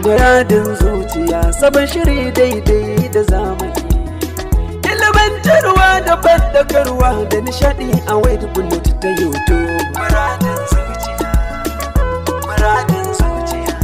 Muradin zuciya sabon shiri daidai da zamani. Ilimantarwa da bandakarwa da nishadi a wayar bullet ta YouTube. Muradin zuciya, muradin zuciya.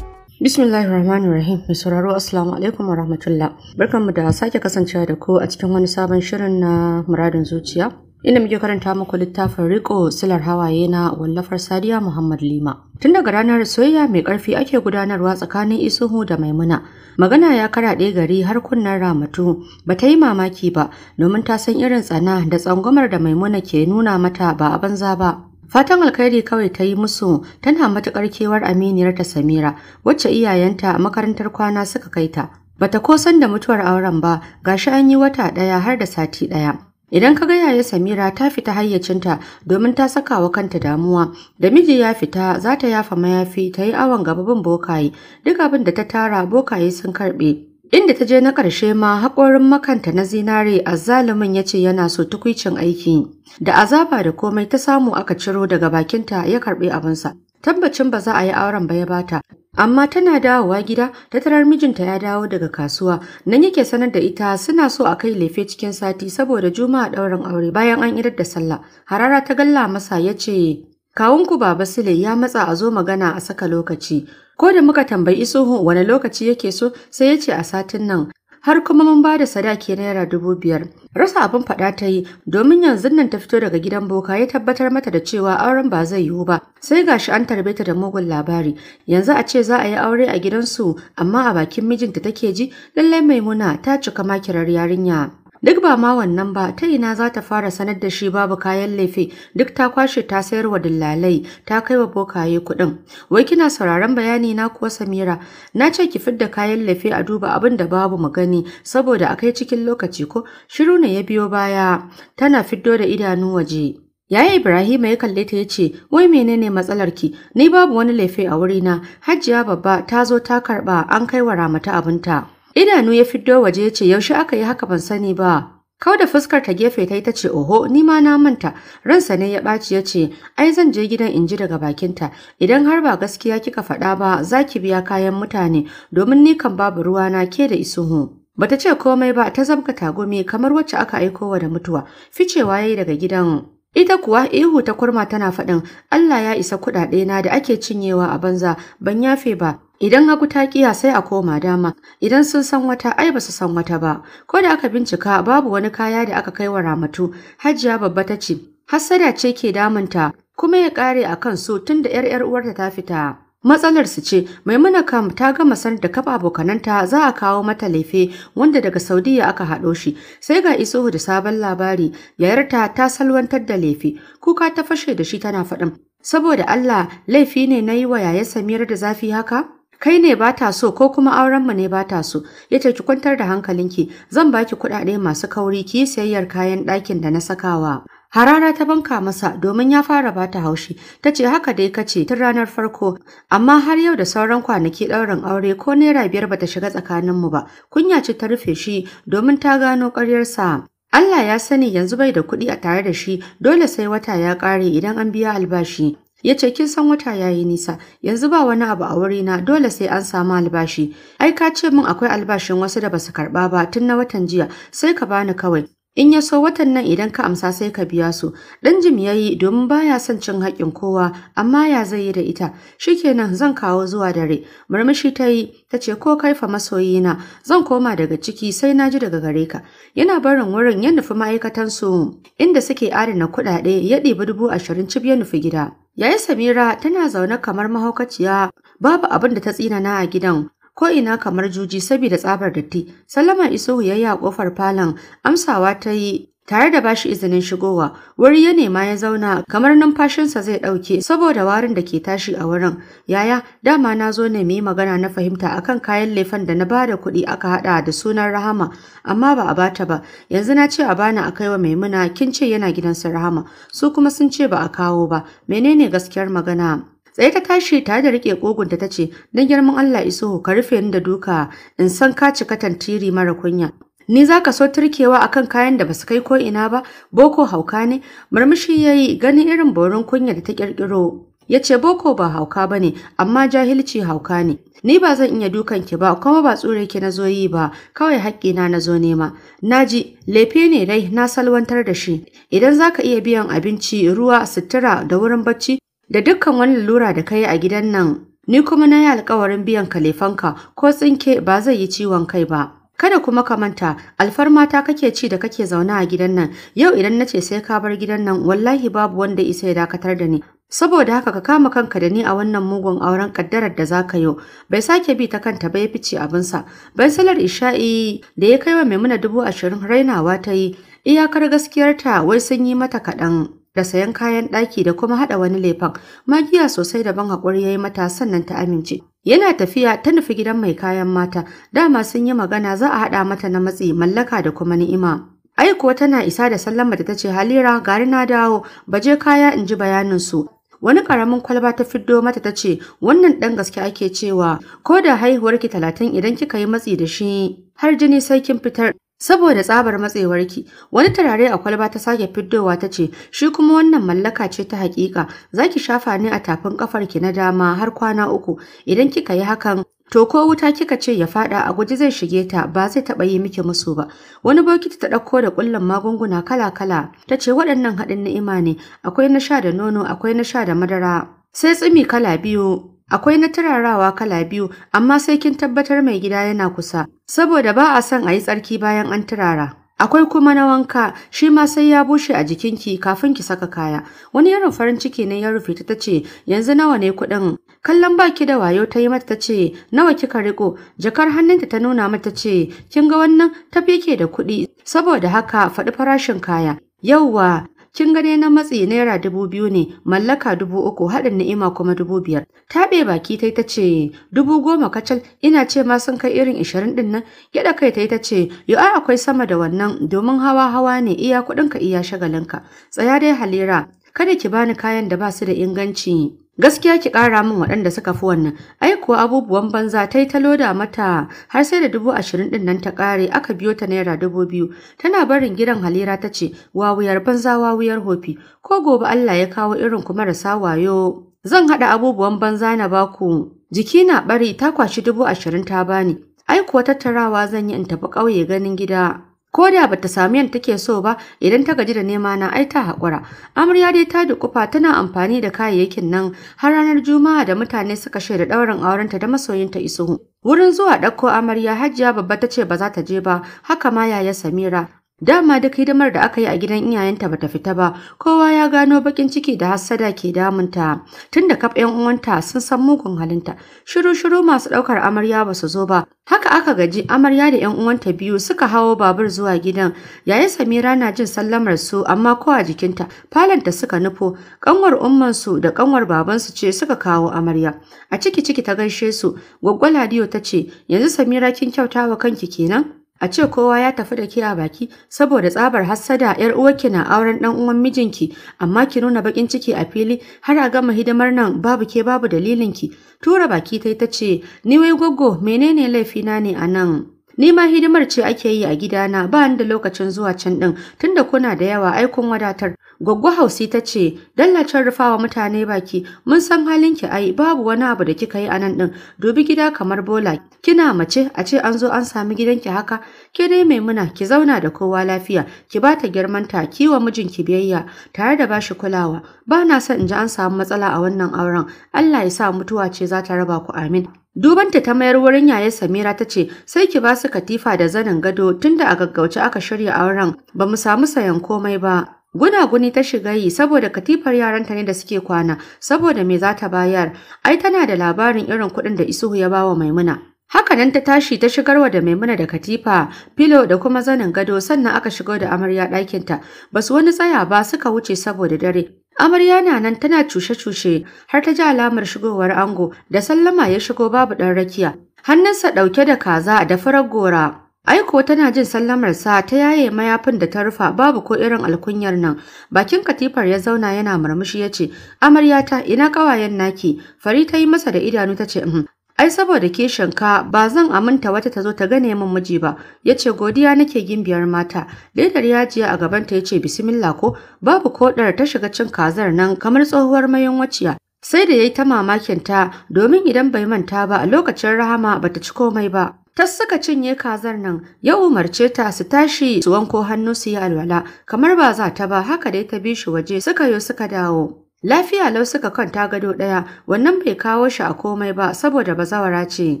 Bismillahir Rahmanir Rahim. Mai sauraro Assalamu alaikum rahmatullah. Barkanmu da sake kasancewa da ku a cikin wani sabon shirin na muradin zuciya. inda muke karanta muku littafin riko silar hawaye na wallafar Sadiya Muhammad Lima. Tun daga ranar soyayya mai ƙarfi ake gudanarwa tsakanin Isuhu da Maimuna. Magana ya karaɗe gari har kunnen Ramatu ba ta yi mamaki ba domin ta san irin tsana da tsangwamar da Maimuna ke nuna mata ba a banza ba. Fatan alkhairi kawai ta yi musu tana matuƙar kewar aminiyar ta Samira wacce iyayenta a makarantar kwana suka kai ta. Bata ko san da mutuwar auren ba gashi an yi wata ɗaya har da sati ɗaya. Idan ka ga yaya Samira ta fita hayyacinta domin ta saka wa kanta damuwa, da miji ya fita za ta yafa mayafi ta yi awon gaba bin bokaye, duk abin da ta tara bokaye sun karɓe. Inda ta je na ƙarshe ma haƙorin makanta na zinare azzalumin ya ce yana so tukwicin aiki. Da azaba da komai ta samu aka ciro daga bakinta ya karɓi abinsa. Tabbacin ba za a yi auren ba ya bata, Amma tana dawowa gida ta mijinta ya dawo daga kasuwa nan yake sanar da ita suna so a kai lefe cikin sati saboda juma'a ɗaurin aure bayan an idar da sallah. Harara ta galla masa ya ce kawunku baba Sule ya matsa a zo magana a saka lokaci. Ko da muka tambayi tsohon wani lokaci yake so sai ya ce a satin nan har kuma mun ba da sadaki naira dubu biyar. Rasa abin faɗa ta yi domin yanzu nan ta fito daga gidan boka ya tabbatar mata da cewa auren ba zai yiwu ba. Sai gashi an tarbe ta da mugun labari. Yanzu a ce za a yi aure a gidansu amma a bakin mijinta take ji lallai maimuna ta cika makirar yarinya. Duk ba ma wannan ba, ta ina za ta fara sanar da shi babu kayan laifi? duk ta kwashe ta sayar wa dillalai, ta kai wa bokaye kuɗin. Wai kina sauraron bayani na kuwa Samira, na ce ki fidda kayan laifi a duba abin da babu mu gani, saboda a kai cikin lokaci ko shiru ne ya biyo baya, tana fiddo da idanu waje. Yaya Ibrahima ya kalle ta ya ce, Wai menene matsalar ki?" ni babu wani laifi a wurina, hajiya babba ta zo ta karɓa an kai wa ramata abinta. Idanu ya fiddo waje ya ce yaushe aka yi haka ban sani ba. Kau da fuskar ta gefe ta yi ta ce oho ni ma na manta ransa ne ya ɓaci ya ce ai zan je gidan in ji daga bakinta idan har ba gaskiya kika faɗa ba za ki biya kayan mutane domin ni kan babu ruwana ke da isuhu. Bata ce komai ba ta zabka tagumi kamar wacce aka aiko wa da mutuwa ficewa yayi daga gidan Ita kuwa ihu ta kurma tana faɗin Allah ya isa kuɗaɗe na da ake cinyewa a banza ban yafe ba Idan hagu ta kiya sai a koma dama, idan sun san wata ai ba su san wata ba. Ko da aka bincika babu wani kaya da aka kai wa ramatu, Hajiya babba ta ce, Hassada ce ke damunta, kuma ya kare a kan su tunda da ‘yar ‘yar uwarta ta fita. Matsalar su ce, Maimuna kam ta gama san da kafa abokananta za a kawo mata laife wanda daga Saudiya aka haɗo shi, sai ga Isuhu da sabon labari, yayarta ta salwantar da laife, kuka ta fashe da shi tana faɗin. Saboda Allah laifi ne na yi wa yaya Samir da zafi haka? kai ne ba ta so ko kuma aurenmu ne ba ta so ya ce ki kwantar da hankalinki zan baki kuɗaɗe masu kauri ki yi sayayyar kayan ɗakin da na sakawa Harara ta banka masa domin ya fara bata haushi, ta ce haka dai ka ce tun ranar farko, amma har yau da sauran kwanaki ɗaurin aure ko naira biyar ba ta shiga tsakaninmu ba, kunya ce ta rufe shi domin ta gano ƙaryarsa. Allah ya sani yanzu bai da kuɗi a tare da shi, dole sai wata ya ƙare idan an biya albashi. ya ce kin san wata yayi nisa yanzu ba wani abu a wurina, dole sai an samu albashi ai ka ce min akwai albashin wasu da basu karba ba tun na watan jiya sai ka bani kawai in ya so watan nan idan ka amsa sai ka biya su dan jim yayi domin baya son cin haƙin kowa amma ya zai yi da ita shikenan zan kawo zuwa dare murmushi ta yi ta ce ko kaifa masoyina zan koma daga ciki sai na ji daga gare ka yana barin wurin ya nufi ma'aikatan su inda suke adana kuɗaɗe ya ɗibi dubu ashirin cib ya nufi gida yayi samira tana zaune kamar mahaukaciya babu abin da ta na a gidan ko ina kamar juji saboda tsabar datti salama iso a kofar falon amsawa ta yi tare da bashi izinin shigowa wuri ya nema ya zauna kamar numfashinsa zai ɗauke saboda warin da ke tashi a wurin yaya dama na zo ne mu magana na fahimta akan kayan lefen da na bada kuɗi aka haɗa da sunan rahama amma ba a bata ba yanzu na ce a bani a kaiwa maimuna kin ce yana gidansa rahama su kuma sun ce ba a kawo ba menene gaskiyar magana Tsaye ta tashi tare da rike kogunta ta ce, "Don girman Allah iso ka rufe ni da duka in san ka cika tantiri mara kunya." Ni za ka so turkewa akan kayan da basu kai ko ina ba, boko hauka ne, murmushi ya yi ganin irin borin kunya da ta ƙirƙiro. Ya ce boko ba hauka ba ne, amma jahilci hauka ne. Ni ba zan iya dukan ki ba, kuma ba tsure ki na zo yi ba, kawai haƙƙi na zo nema. Naji, lefe ne dai na salwantar da shi. Idan za ka iya biyan abinci, ruwa, sutura da wurin bacci, Da dukkan wani lura da ka yi a gidan nan, ni kuma na yi alkawarin biyan kalefanka ko tsinke ba zai yi ciwon kai ba. Kada kuma ka manta, alfarma ta kake ci da kake zaune a gidan nan, yau idan na ce sai ka bar gidan nan wallahi babu wanda isa ya dakatar da ni. Saboda haka ka kama kanka da ni a wannan mugun auren kaddarar da zaka ka yi, bai sake bi ta kanta ba ya fice abinsa. Bai salar isha'i da ya kai wa maimuna dubu ashirin rainawa ta yi, iyakar gaskiyarta wai sun yi mata kaɗan. da sayan kayan ɗaki da kuma haɗa wani lefan. Magiya sosai da ban haƙuri ya yi mata sannan ta amince. Yana tafiya ta nufi gidan mai kayan mata, dama sun yi magana za a haɗa mata na matsi mallaka da kuma ni'ima. Ai kuwa tana isa da sallama da ta ce Halira gari na dawo, baje kaya in ji bayanin su. Wani ƙaramin kwalba ta fiddo mata ta ce, wannan ɗan gaske ake cewa, ko da haihuwarki talatin idan kika yi matsi da shi har jini sai kin fitar Saboda tsabar matsewarki, wani turare a kwalba ta sake fiddowa ta ce, shi kuma wannan mallaka ce ta hakika, za ki shafa ne a tafin kafarki na dama har kwana uku, idan kika yi hakan To ko wuta kika ce ya fada a guji zai shige ta ba zai taba yi miki musu ba. Wani bokiti ta ɗauko da ƙullan magunguna kala-kala. Ta ce waɗannan haɗin ni'ima ne, akwai na sha da nono, akwai na sha da madara. Sai tsimi kala biyu Akwai na turarawa kala biyu, amma sai kin tabbatar mai gida yana kusa, saboda ba a son a yi tsarki bayan an turara. Akwai kuma na wanka, shi ma sai ya bushe a jikinki kafin ki saka kaya. Wani yaron farin ciki ne ya rufe ta tace, "Yanzu nawa ne kuɗin?" Kallon baki da wayo ta yi mata ta ce. "Nawa kika riko?" Jakar hannunta ta nuna mata ce, "Kin ga wannan tafi ke da kuɗi, saboda haka faɗi farashin kaya." Yauwa, Kin ga na matsi naira dubu biyu ne, mallaka dubu uku, haɗin ni'ima kuma dubu biyar. Taɓe baki ta ta ce dubu goma kacal, ina ce ma sun kai irin ishirin ɗin nan. Gyaɗa kai ta ta ce yo ai akwai sama da wannan domin hawa hawa ne iya kuɗinka iya shagalinka. Tsaya dai Halira, kada ki bani kayan da ba su da inganci gaskiya ki kara min waɗanda suka fi wannan ai kuwa abubuwan banza ta yi ta loda mata har sai da dubu ashirin ɗin nan ta kare aka biyo ta naira dubu biyu tana barin gidan halira ta ce wawuyar banza wawuyar hofi ko gobe allah ya kawo irin ku marasa wayo zan haɗa abubuwan banza na baku jiki na bari, ta kwashi dubu ashirin ta bani ai kuwa tattarawa zan yi in tafi ƙauye ganin gida ko da bata sami yadda take so ba idan ta gaji da nema na ai ta haƙura amarya dai ta dukufa tana amfani da kayayyakin nan har ranar juma'a da mutane suka shaida ɗaurin ta da masoyinta isuhu Wurin zuwa ɗauko amarya Hajiya babba ta ce ba za ta je ba, haka ma yaya Samira. Dama duk hidimar da aka yi a gidan iyayenta bata fita ba, kowa ya gano bakin ciki da hassada ke damunta. tunda Tunda kaf 'yan uwanta sun san mugun halinta, shiru-shiru masu ɗaukar amarya ba su zo ba. Haka aka gaji amarya da 'yan uwanta biyu suka hawo babur zuwa gidan. Yayin Samira na jin sallamar su amma ko a jikinta, falanta suka nufo, kanwar su da kanwar babansu ce suka kawo amarya. A ciki ciki ta gaishe su, gwaggwaladiyo ta ce, yanzu Samira kin kyauta wa kanki kenan? a ce kowa ya tafi da a baki saboda tsabar hassada yar uwarki na auren dan uwan mijinki amma ki nuna bakin ciki a fili har a gama hidimar nan babu ke babu dalilinki tura baki tai tace ni wai goggo menene laifina ne a nan Ni ma hidimar ce ake yi a gidana ba ni da lokacin zuwa can ɗin Tun tunda kuna da yawa ai wadatar. Gwaggo Hausi ta ce, "Dallacin rufawa mutane baki, mun san halin ki ai babu wani abu da kika yi a nan ɗin, dubi gida kamar bola, kina mace a ce an zo an sami gidanki haka, ke dai maimuna ki zauna da kowa lafiya, ki ba ta girmanta, ki wa mijinki biyayya tare da bashi kulawa. Ba na son in ji an samu matsala a wannan auren, Allah ya sa mutuwa ce za ta raba ku amin." Dubanta ta mayar wurin yaya Samira ta ce, sai ki ba su katifa da zanin gado tunda a gaggauce aka shirya auren ba mu samu sayan komai ba. Guna guni ta shiga yi saboda katifar yaranta ne da suke kwana, saboda me za ta bayar, ai tana da labarin irin kuɗin da Isuhu ya bawa Maimuna. Haka nan ta tashi ta shigarwa da Maimuna da katifa, filo da kuma zanin gado sannan aka shigo da amarya ɗakinta. ba su wani tsaya ba suka wuce saboda dare. Amarya na nan tana cushe-cushe har ta ji alamar shigowar ango da sallama ya shigo babu ɗan rakiya. Hannunsa ɗauke da kaza da farar gora. Aiko tana jin sallamar sa ta yaye mayafin da ta rufa babu ko irin alkunyar nan. Bakin katifar ya zauna yana murmushi ya ce, Amaryata ina ƙawayen naki, fari ta yi masa da idanu ta ce, mm, Ai saboda ka ba zan aminta wata ta zo ta gane min miji ba, yace godiya nake gimbiyar mata, ledar yajiya a gabanta ya ce bismillah ko babu koɗar ta shiga cin kazar nan kamar tsohuwar mayan waciya. Sai da yayi ta mamakin ta domin idan bai manta ba a lokacin rahama bata ci komai ba. Ta suka cinye kazar nan ya umarce ta su tashi su wanko hannu su yi alwala kamar ba za ta ba haka dai ta bi shi waje suka yo suka dawo. Lafiya lau suka kwanta gado ɗaya, wannan bai kawo shi a komai ba saboda bazawara ce.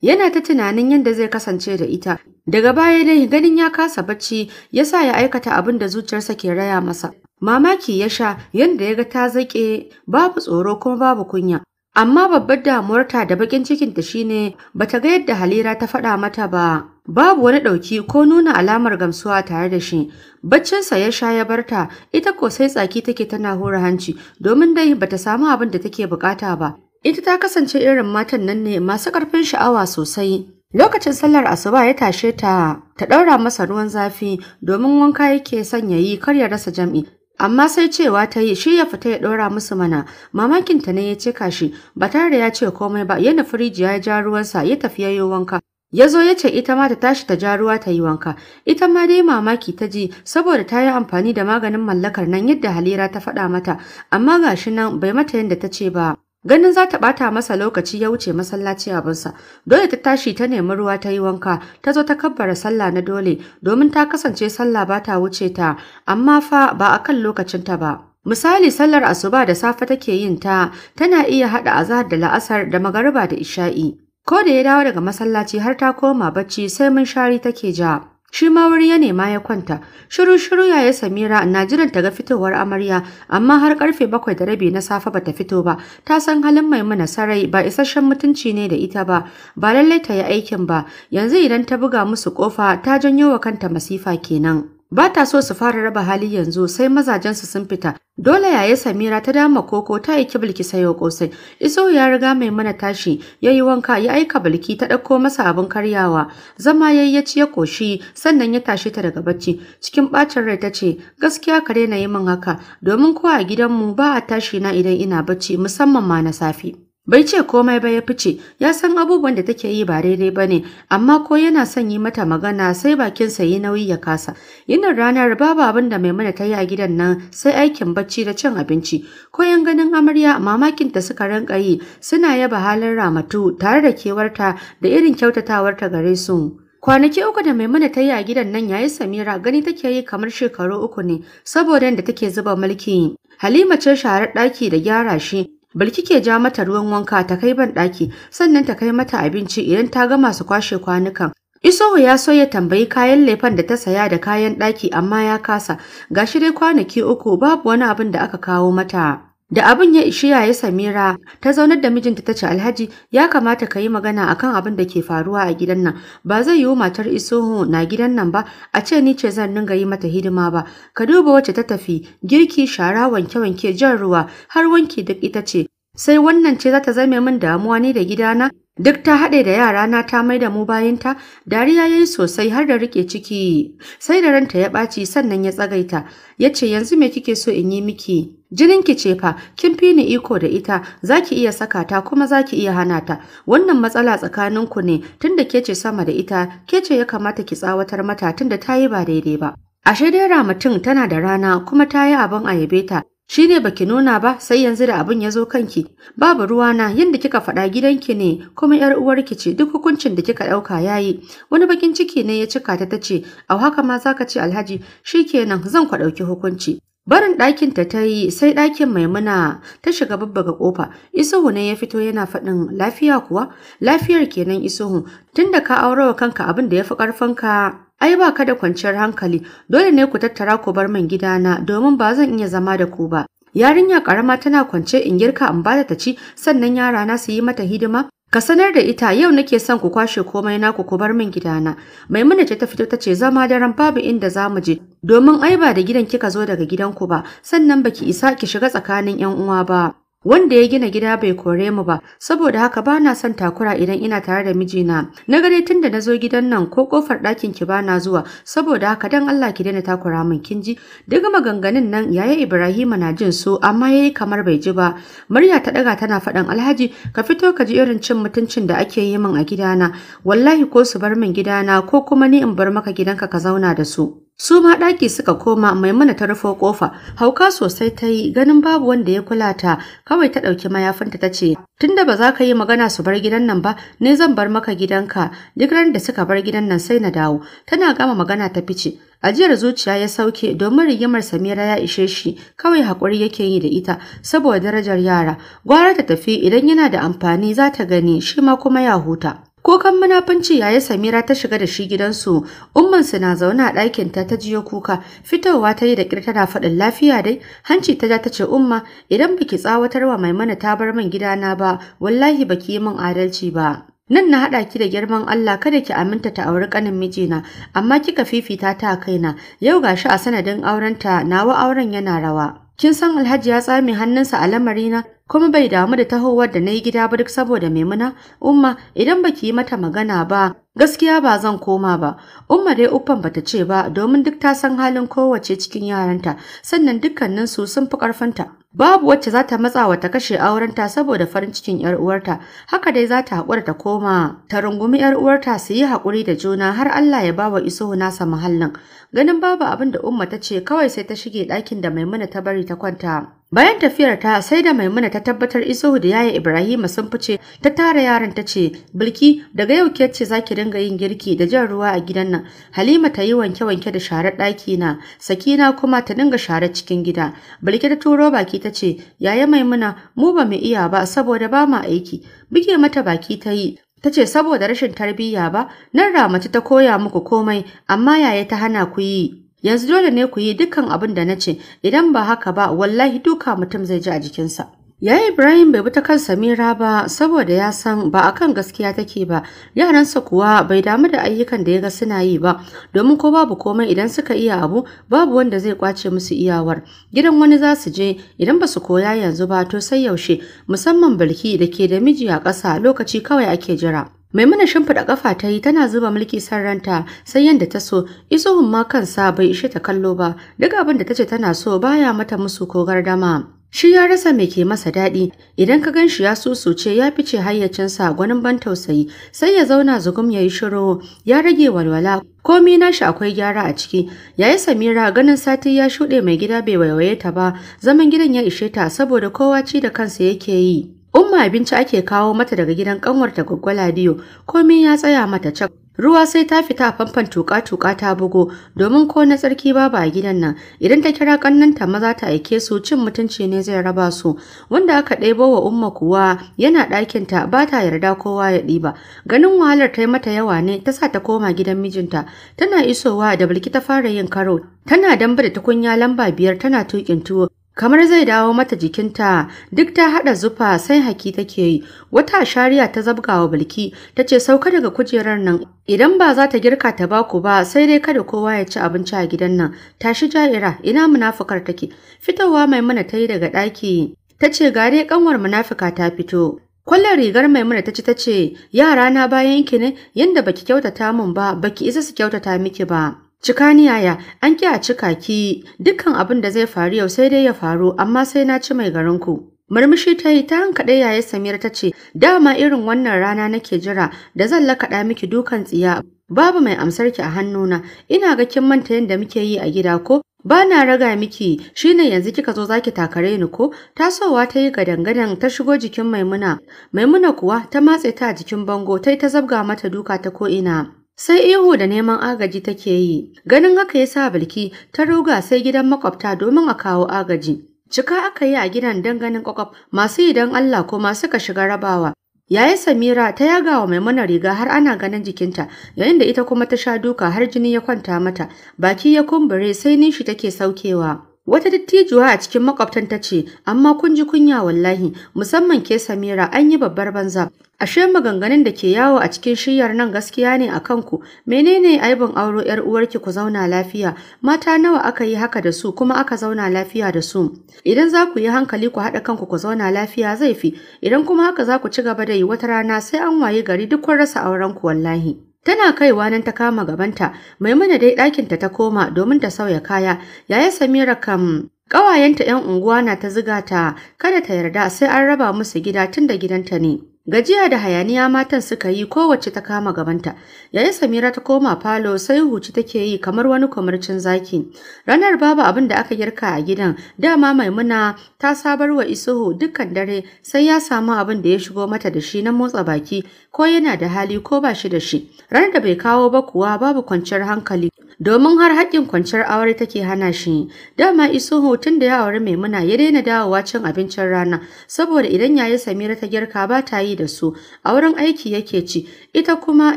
Yana ta tunanin yadda zai kasance da ita. Daga baya dai ganin ya kasa bacci, ya sa ya aikata abin da zuciyarsa ke raya masa. Mamaki ya sha yadda ya ga ta zaƙe babu tsoro kuma babu kunya. Amma babbar damuwarta da baƙin cikinta shine bata ga yadda Halira ta faɗa mata ba. Babu wani ɗauki ko nuna alamar gamsuwa tare da shi. Baccinsa ya sha ya barta, ita ko sai tsaki take tana hura hanci, domin dai bata samu abin da take bukata ba. Ita ta kasance irin matan nan ne masu ƙarfin sha'awa sosai. Lokacin sallar asuba ya tashe ta ta ɗaura masa ruwan zafi domin wanka yake son ya yi kar ya rasa jam'i. Amma sai cewa ta yi shi ya fita ya ɗora musu mana, mamakinta ne ya cika shi, ba tare da ya ce komai ba, yana firiji ya ja ruwansa ya tafi yayo wanka. Ya zo ya ce ita ma ta tashi ta ja ruwa ta yi wanka, ita ma dai mamaki ta ji saboda ta yi amfani da maganin mallakar nan yadda Halira ta faɗa mata, amma gashi nan bai mata yanda ta ce ba. Ganin za ta ɓata masa lokaci ya wuce masallaci abinsa, dole ta tashi ta nemi ruwa ta yi wanka, ta zo ta kabbara sallah na dole domin ta kasance sallah ba ta wuce ta, amma fa ba a kan ta ba. Misali sallar asuba da safe take yin ta, tana iya haɗa azahar da la'asar da magariba da isha'i. Ko da ya dawo daga masallaci har ta koma bacci sai mun shari take ja. Shi ma wuri ya nema ya kwanta. Shiru shiru yaya Samira na jiran ta ga fitowar amarya, amma har karfe bakwai da rabi na safe bata fito ba. Ta san halin Maimuna sarai ba isasshen mutunci ne da ita ba. Ba lallai ta yi aikin ba. Yanzu idan ta buga musu kofa ta janyo wa kanta masifa kenan. Ba ta so su fara raba hali yanzu sai mazajensu sun fita. Dole yaya Samira ta dama koko ta yi kibulki ya kosai. Iso ya riga mai mana tashi, ya yi wanka ya aika bulki ta ɗauko masa abin karyawa. Zama ya yi ya ci ya koshi sannan ya tashi ta daga bacci. Cikin ɓacin rai ta ce, gaskiya kare na yi min haka, domin ko a gidanmu ba a tashi na idan ina bacci musamman ma na safe. Bai ce komai ba ya fice, ya san abubuwan da take yi ba daidai ba ne, amma ko yana son yi mata magana sai bakin sa yi nauyi ya kasa. Yinin ranar babu abin da Maimuna ta yi a gidan nan sai aikin bacci da cin abinci. ko yan ganin amarya mamakin ta suka rinka yi suna yaba halin ramatu tare da kewarta da irin kyautatawarta gare su. Kwanaki uku da Maimuna ta yi a gidan nan yayi Samira gani take yi kamar shekaru uku ne saboda yadda take zuba mulki. Halima ce sharar ɗaki da gyara shi balki ke ja mata ruwan wanka ta kai ban daki, sannan ta kai mata abinci idan ta gama su kwashe kwanukan. Isohu ya so ya tambayi kayan lefen da ta saya da kayan ɗaki amma ya kasa. Gashi dai kwanaki uku babu wani abin da aka kawo mata. Da abin ya ishi yaya Samira ta zaunar da mijinta ta ce Alhaji ya kamata ka yi magana akan abin da ke faruwa a gidan nan ba zai yiwu matar Isuhu na gidan nan ba a ce ni ce zan dinga yi mata hidima ba ka duba wacce ta tafi girki shara wanke-wanke jan ruwa har wanki duk ita ce sai wannan ce za ta zame min damuwa ne da gidana Duk ta haɗe da yara na ta mai da mu bayanta, dariya ya yi sosai har da rike ciki. Sai da ranta ya ɓaci sannan ya tsagaita, ya ce yanzu me kike so in yi miki? Jininki ce fa, kin fi ni iko da ita, za ki iya saka ta kuma za ki iya hana ta. Wannan matsala tsakaninku ne, tunda ke ce sama da ita, ke ce ya kamata ki tsawatar mata tunda ta yi ba daidai ba. Ashe dai mutum tana da rana kuma ta yi abin a yabe ta, Shi ne baki nuna ba sai yanzu da abin ya zo kanki. Babu ruwana yadda kika faɗa gidanki ne kuma ‘yar uwarki ce duk hukuncin da kika ɗauka ya yi. Wani bakin ciki ne ya cika ta tace, a haka ma za ka ce alhaji shi kenan zan kwa ɗauki hukunci. Barin ɗakin ta ta yi sai ɗakin maimuna ta shiga babbaga ƙofa. Isuhu ne ya fito yana faɗin lafiya kuwa? Lafiyar kenan Isuhu, tunda ka wa kanka abin da ya fi ƙarfinka Ai ba ka da kwanciyar hankali, dole ne ku tattara ku bar min gidana domin ba zan iya zama da ku ba. Yarinya karama tana kwance in girka in bada ta ci, sannan yarana su yi mata hidima. Ka sanar da ita yau nake son ku kwashe komai naku ku bar min gidana. Maimuna ce ta fito ta ce zama daren babu inda za mu je. domin ai ba da gidan kika zo daga gidanku ba sannan baki isa ki shiga tsakanin yan uwa ba wanda ya gina gida bai kore mu ba saboda haka bana son takura idan ina tare da mijina na gare tun da nazo gidan nan ko kofar ɗakin ki bana zuwa saboda haka dan Allah ki daina takura min kin ji daga maganganun nan yaya Ibrahima na jin su amma yayi kamar bai ji ba murya ta daga tana faɗan Alhaji ka fito ka ji irin cin mutuncin da ake yi min a gidana wallahi ko su bar min gidana ko kuma ni in bar maka gidanka ka zauna da su Su ma ɗaki suka koma maimuna ta rufo ƙofa, hauka sosai ta yi ganin babu wanda ya kula ta, kawai ta ɗauki mayafinta ta ce, Tunda ba za ka yi magana su bar gidan nan ba, ne zan bar maka gidanka, duk ran da suka bar gidan nan sai na dawo. Tana gama magana ta fice, ajiyar zuciya ya sauke domin rigimar Samira ya ishe shi kawai haƙuri yake yi da ita saboda darajar yara gwara ta tafi idan yana da amfani za ta gani shi ma kuma ya huta Kukan munafunci yayin Samira ta shiga da shi gidansu, ummansu na zaune a ɗakinta ta jiyo kuka, fitowa ta yi da ƙir tana faɗin lafiya dai, hanci ta ja ta ce umma idan baki tsawatarwa Maimuna ta bar min gidana ba, wallahi baki yi min adalci ba. Nan na haɗa ki da girman Allah kada ki aminta ta auri ƙanin mijina, amma kika fifita ta kaina, yau gashi a sanadin aurenta nawa auren yana rawa. Kin san Alhaji ya tsame hannunsa a lamarina, kuma bai damu da tahowar da na yi gida ba duk saboda Maimuna, Umma idan baki yi mata magana ba, gaskiya ba zan koma ba. Umma dai uffan bata ce ba domin duk ta san halin kowace cikin yaranta, sannan dukkanin su sun fi ƙarfinta. Babu wacce za ta matsa wa ta kashe aurenta saboda farin cikin ‘yar uwarta, haka dai za ta haƙura ta koma, ta rungumi ‘yar uwarta su yi haƙuri da juna har Allah ya bawa iso nasa muhallin. Ganin babu abin da Umma ta ce kawai sai ta shige ɗakin da Maimuna ta bari ta kwanta. Bayan tafiyar ta sai da Maimuna ta tabbatar Isuhu da yaya Ibrahima sun fice ta tara yaran ta ce Bilki daga yau ke ce zaki dinga yin girki da jan ruwa a gidan nan Halima ta yi wanke wanke da share ɗaki na Sakina kuma ta dinga share cikin gida Bilki ta turo baki ta ce yaya Maimuna mu ba mu iya ba saboda ba ma aiki buge mata baki ta yi ta ce saboda rashin tarbiyya ba nan ramatu ta koya muku komai amma yaya ta hana ku yi yanzu dole ne ku yi dukkan abin da na ce idan ba haka ba wallahi duka mutum zai ji a jikinsa Ya Ibrahim bai bi ta kan Samira ba saboda ya san ba a kan gaskiya take ba, yaransa kuwa bai damu da ayyukan da ya ga suna yi ba, domin ko babu komai idan suka iya abu babu wanda zai kwace musu iyawar. Gidan wani za su je idan ba su koya yanzu ba to sai yaushe musamman balki da ke da miji a ƙasa lokaci kawai ake jira. Maimuna shimfiɗa ƙafa ta yi tana zuba mulki sarranta sai yadda ta so, isohun ma kansa bai ishe ta kallo ba, duk abin da ta ce tana so baya mata musu ko gardama. Shi ya rasa mai ke masa daɗi idan ka ganshi ya susuce ya fice hayyacinsa gwanin ban tausayi sai ya zauna zugum ya yi shiro ya rage walwala komi nashi akwai gyara a ciki yayi Samira ganin sati ya shuɗe mai gida bai waiwaye ta ba zaman gidan ya ishe ta saboda kowa ci da kansa yake yi. Umma abinci ake kawo mata daga gidan kanwarta Gwaggwaladiyo komai ya tsaya mata cak Ruwa sai ta fita a famfan tuka-tuka ta bugo domin ko na tsarki babu a gidan nan idan ta kira kannanta maza ta aike su cin mutunci ne zai raba su wanda aka ɗebo wa umma kuwa yana ɗakinta, ta ba ta yarda kowa ya ɗiba ganin wahalar ta yi mata yawa ne ta sa ta koma gidan mijinta tana isowa da bulki ta fara yin karo tana dambe da tukunya lamba biyar tana tukin tuwo kamar zai dawo mata jikinta duk ta hada zufa sai haki take yi wata shari'a ta zabga wa bilki ta ce sauka daga kujerar nan idan ba za ta girka ta baku ba sai dai kada kowa ya ci abinci a gidan nan tashi ja'ira ina munafukar take fitowa maimuna ta yi daga ɗaki ta ce gare kanwar munafuka ta fito Kwallon rigar Maimuna ta ci ta ce, "Yara na bayan ki ne, yanda baki kyautata mun ba, baki isa su kyautata miki ba." Cika ni yaya, an ki a cika ki dukkan abin da zai faru yau sai dai ya faru amma sai na ci mai garinku. Murmushi ta yi ta hankaɗe yaya Samir ta ce, dama irin wannan rana nake jira da zan lakaɗa miki dukan tsiya babu mai amsar ki a hannuna ina ga kin manta yadda muke yi a gida ko ba na raga miki shine yanzu kika zo zaki takare ni ko Ta sowa ta yi gadangadan ta shigo jikin maimuna maimuna kuwa ta matse ta a jikin bango ta yi ta zabga mata duka ta ko ina sai ihu da neman agaji take yi ganin haka ya sa bilki ta ruga sai gidan makwabta domin a kawo agaji cika aka yi a gidan don ganin kwakwaf masu idan allah kuma suka shiga rabawa yayi samira ta yaga wa maimuna riga har ana ganin jikinta yayin da ita kuma ta sha duka har jini ya kwanta mata baki ya kumbure sai nishi take saukewa Wata dattijuwa a cikin makwabtan ta ce, "Amma kun ji kunya wallahi, musamman ke Samira an yi babbar banza. Ashe maganganun da ke yawo a cikin shiryar nan gaskiya ne a kanku. Menene aibin auro yar uwarki ku zauna lafiya? Mata nawa aka yi haka da su kuma aka zauna lafiya da su? Idan za ku yi hankali ku haɗa kanku ku zauna lafiya zai fi. Idan kuma haka za ku ci gaba da yi wata rana sai an wayi gari duk kun rasa aurenku wallahi." Tana kaiwa nan ta kama gabanta, Maimuna dai ɗakinta ta koma domin ta sauya kaya, yayin Samira kam ƙawayenta 'yan unguwa na ta ziga ta, kada ta yarda sai an raba musu gida tun da gidanta ne. Gajiya da hayaniya matan suka yi kowace ta kama gabanta. Yayin Samira ta koma falo sai huci take yi kamar wani kwamarcin zaki. Ranar babu abin da aka girka a gidan. Dama Maimuna ta sabarwa wa Isuhu dukkan dare sai ya samu abin da ya shigo mata da shi na motsa baki ko yana da hali ko ba shi da shi. Ranar da bai kawo ba kuwa babu kwanciyar hankali. Domin har haƙƙin kwanciyar aure take hana shi. Dama Isuhu tun da ya aure Maimuna ya daina dawowa cin abincin rana saboda idan yayi Samira ta girka ba ta yi da su a wurin aiki yake ci ita kuma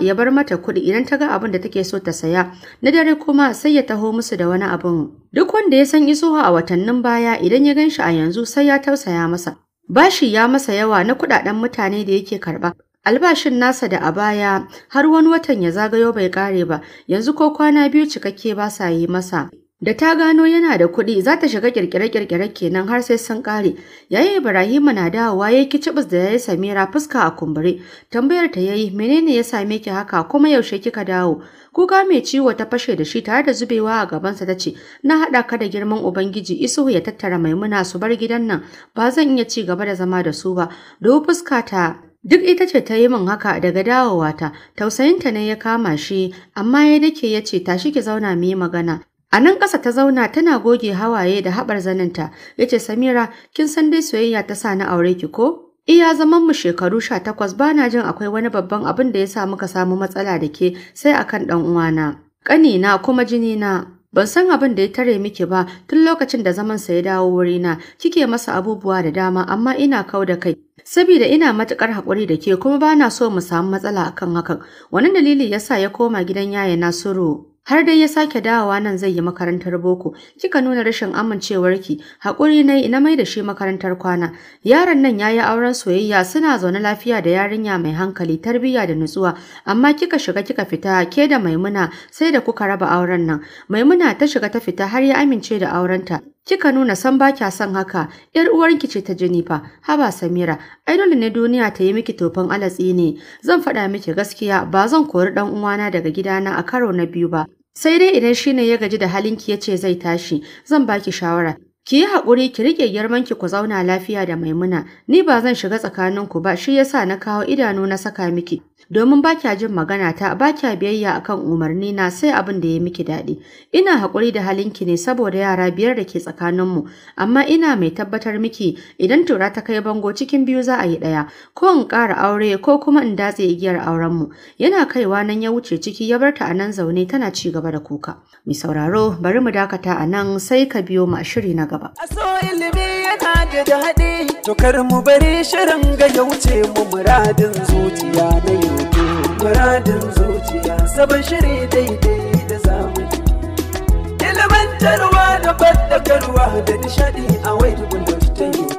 ya bar mata kuɗi idan ta ga abin da take so ta saya na dare kuma sai ya taho musu da wani abin duk wanda ya san isuwa a watannin baya idan ya gan shi a yanzu sai ya tausaya masa bashi ya masa yawa na kuɗaɗen mutane da yake karɓa Albashin nasa da a baya har wani watan ya zagayo bai kare ba, yanzu ko kwana biyu cikakke ba sa yi masa. Da ta gano yana da kuɗi za ta shiga kirkire-kirkire kenan har sai sun ƙare. Yayin Ibrahimu na dawowa ya ki cibis da ya yi Samira fuska a kumbure. Tambayar ta ya yi, menene ya same ki haka kuma yaushe kika dawo? Kuka mai ciwo ta fashe da shi tare da zubewa a gabansa ta ce, Na haɗa ka da girman Ubangiji Isuhu ya tattara maimuna su bar gidan nan, ba zan iya ci gaba da zama da su ba. Do fuska ta Duk ita ce ta yi min haka daga ta, tausayinta ne ya kama shi, amma ya dake ya ce tashi ki zauna mu yi magana. A nan ƙasa ta zauna tana goge hawaye da haɓar zaninta, ya ce Samira, kin san dai soyayya ta sa na aure ki ko? Iya zaman mu shekaru sha takwas ba na jin akwai wani babban abin da ya sa muka samu matsala da ke sai akan ɗan uwana. Ƙanina kuma jinina. Ban san abin da ya tare miki ba tun lokacin da zaman sa ya dawo wurina, kike masa abubuwa da dama amma ina kau da kai. Saboda ina matukar haƙuri da ke kuma ba na so mu samu matsala akan hakan, wani dalili yasa ya koma gidan na suru. har dai ya sake dawowa nan zai yi makarantar boko kika nuna rashin amincewarki hakuri ne na mai da shi makarantar kwana yaron nan yayi auren soyayya suna zaune lafiya da yarinya mai hankali tarbiyya da nutsuwa amma kika shiga kika fita ke da Maimuna sai da kuka raba auren nan Maimuna ta shiga ta fita har ya amince da aurenta kika nuna san ba kya son haka yar uwarki ce ta Jenifa haba Samira ai dole ne duniya ta yi miki tofan alatsi ne zan faɗa miki gaskiya ba zan kori dan uwana daga gidana a karo na biyu ba Sai dai idan shi ne ya gaji da halinki ya ce zai tashi, zan baki shawara. Ki yi haƙuri ki riƙe girmanki ku zauna lafiya da maimuna, ni ba zan shiga tsakaninku ba shi yasa na kawo idanu na saka miki, domin ba kya jin magana ta ba kya biyayya akan umarni na sai abin da ya miki daɗi ina haƙuri da halinki ne saboda yara biyar da ke tsakaninmu amma ina mai tabbatar miki idan tura ta kai bango cikin biyu za a yi ɗaya ko in ƙara aure ko kuma in datse igiyar aurenmu yana kaiwa nan ya wuce ciki ya barta ta a nan zaune tana ci gaba da kuka mi sauraro bari mu dakata a nan sai ka biyo mu a shiri na gaba. A so ilimi yana da daɗi tukar mu bari shirin ga ya wuce mu muradin zuciya na yau muradin zuciya sabon shiri daidai da zamani. Ilimantarwa da fadakarwa da nishadi a wai tukun da ta yi